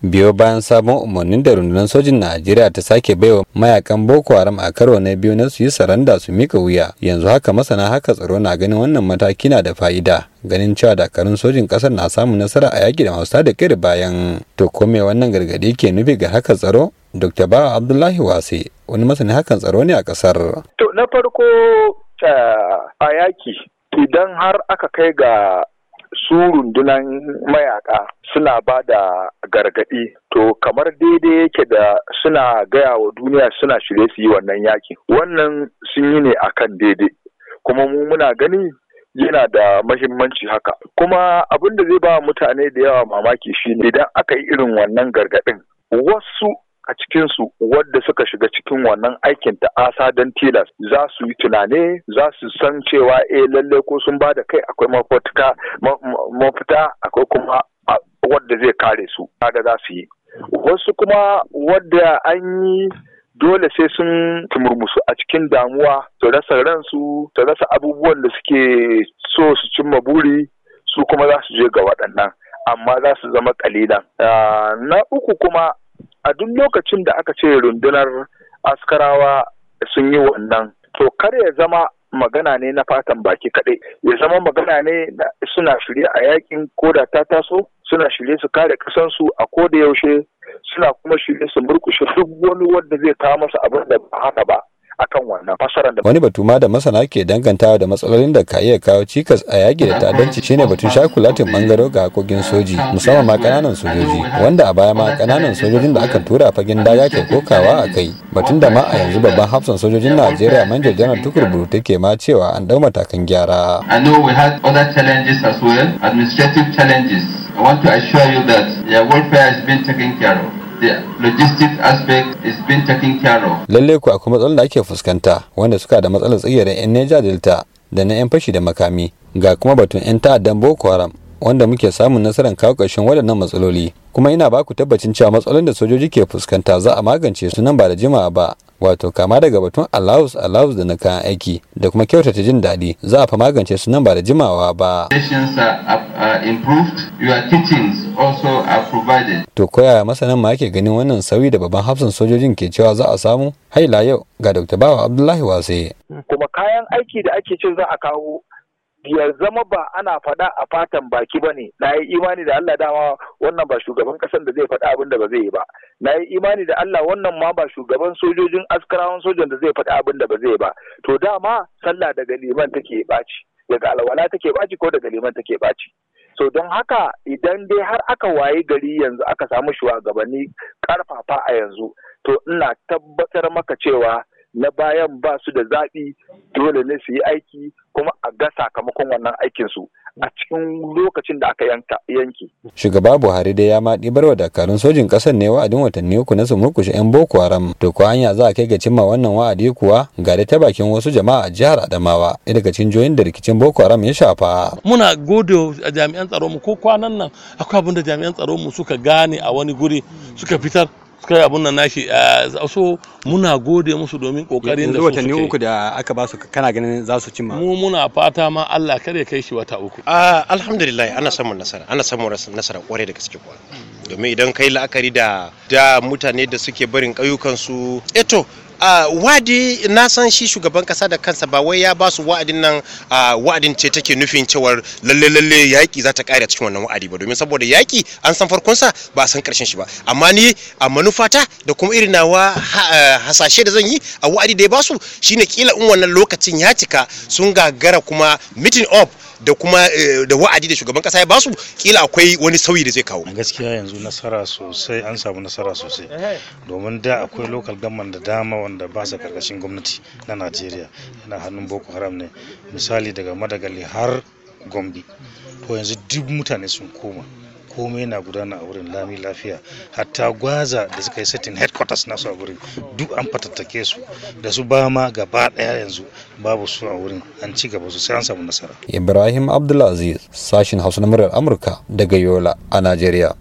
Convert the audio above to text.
biyo bayan sabon umarnin da rundunar sojin najeriya ta sake baiwa mayakan boko haram a karo na biyu na su yi saranda su mika wuya yanzu haka masana haka tsaro na ganin wannan mataki na da fa'ida ganin cewa dakarun sojin kasar na samun nasara a yaki da masu da kiri bayan to ko me wannan gargadi ke nufi ga haka tsaro dr bawa abdullahi wase wani masanin hakan tsaro ne a kasar to na farko eh, a yaki idan har aka kai ga su rundunan mayaka suna ba da gargaɗi to kamar daidai yake da suna gaya wa duniya suna shirye su yi wannan yaki wannan sun yi ne akan daidai kuma mu muna gani yana da mahimmanci haka kuma abin da zai ba mutane da yawa mamaki shine idan aka yi irin wannan gargaɗin wasu a cikinsu wadda suka shiga cikin wannan aikin ta'asa don tilas za su yi tunane za su san cewa e lalle ko sun ba da kai akwai mafita akwai kuma wadda zai kare su da za su yi wasu kuma wadda an yi dole sai sun murmusu a cikin damuwa su rasa ransu su rasa abubuwan da suke so su cimma buri su kuma za su je ga waɗannan amma za su zama ƙalilan. Ah, na uku kuma a duk lokacin da aka ce rundunar askarawa sun yi wannan to kar ya zama magana ne na fatan baki kaɗai ya zama magana ne suna shirye a yakin koda ta taso suna shirye su kare kasansu a ko da yaushe suna kuma shirye su murkushe duk wani wanda zai kawo masa abin da ba haka ba akan wannan da wani batu ma da masana ke dangantawa da matsalolin da ka iya kawo cikas a yaki da ta'addanci shine batun shakulatin bangaro ga hakokin soji musamman ma kananan sojoji wanda a baya ma kananan sojojin da aka tura fagen daga ke kokawa a kai batun da ma a yanzu babban hafsan sojojin Najeriya Manjo Janar Tukur Burute ke ma cewa an dau matakan gyara I want to assure you that your welfare has been taken care of the logistic aspect is being taken care of. Lalle ku akwai matsalar da ake fuskanta wanda suka da matsalar tsigirin 'yan Niger Delta da na 'yan fashi da makami ga kuma batun 'yan ta'addan Boko Haram wanda muke samun nasarar kawo ƙarshen waɗannan matsaloli kuma ina baku tabbacin cewa matsalolin da sojoji ke fuskanta za a magance su nan ba da jimawa ba wato kama daga batun allows allows da na kayan aiki da kuma kyautata jin daɗi za a fa magance su nan ba da jimawa ba. To koya masanan ma ake ganin wannan sauyi da babban hafsan sojojin ke cewa za a samu haila yau ga Dr. Bawa Abdullahi Wase. Kuma kayan aiki da ake cin za a kawo ya zama ba ana faɗa a fatan baki ba ne na yi imani da Allah dama wannan ba shugaban ƙasar da zai faɗa abin da ba zai yi ba na yi imani da Allah wannan ma ba shugaban sojojin askarawan sojan da zai faɗa abin da ba zai ba to dama sallah daga liman take ɓaci daga alwala take ɓaci ko daga liman take ɓaci so don haka idan dai har aka wayi gari yanzu aka samu shugabanni karfafa a yanzu to ina tabbatar maka cewa na bayan ba su da zaɓi dole ne su yi aiki kuma a ga sakamakon wannan aikinsu a cikin lokacin da aka yanke. Shugaba Buhari dai ya ma wa dakarun sojin ƙasar ne wa'adin watanni uku na su murkushe 'yan Boko Haram. To ko hanya za a kai ga cimma wannan wa'adi kuwa ga da ta bakin wasu jama'a a jihar Adamawa ɗaya daga cikin joyin da rikicin Boko Haram ya shafa. Muna gode a jami'an tsaro mu ko kwanan nan akwai abin da jami'an tsaro mu suka gane a wani guri suka fitar suka yi abun nan nashi a so muna gode musu domin kokarin da su watanni uku da aka ba su kana ganin za su cimma mu muna fata ma Allah kar ya kai shi wata uku alhamdulillah ana samun nasara ana samun nasara kware da gaske kuwa domin idan kai la'akari da da mutane da suke barin ƙauyukan su eto eh Ah, wadi na san shi shugaban kasa da kansa ba wai ya ba su wa'adin nan ah, wa'adin ce take nufin cewar lalle lalle yaki za ta kare cikin wannan wa'adi ba domin saboda yaki an san farkon sa ba san karshen shi ba amma ni a manufata da kuma irin nawa eh, hasashe da zan yi a wa'adi da ya ba su shine kila in wannan lokacin ya cika sun gagara kuma meeting up da kuma eh, da wa'adi da shugaban kasa ya ba su kila akwai wani sauyi da zai kawo gaskiya yanzu nasara sosai an samu nasara sosai domin da akwai lokal government da dama wanda ba su karkashin gwamnati na Najeriya yana hannun Boko Haram ne misali daga Madagali har gombe to yanzu duk mutane sun koma komai na gudana a wurin lami lafiya hatta gwaza da suka yi setting headquarters nasu a wurin duk an fatattake su da su ba ma gaba daya yanzu babu su a wurin an ci gaba sosai an samu nasara ibrahim abdulaziz sashin hausa na murar amurka daga yola a najeriya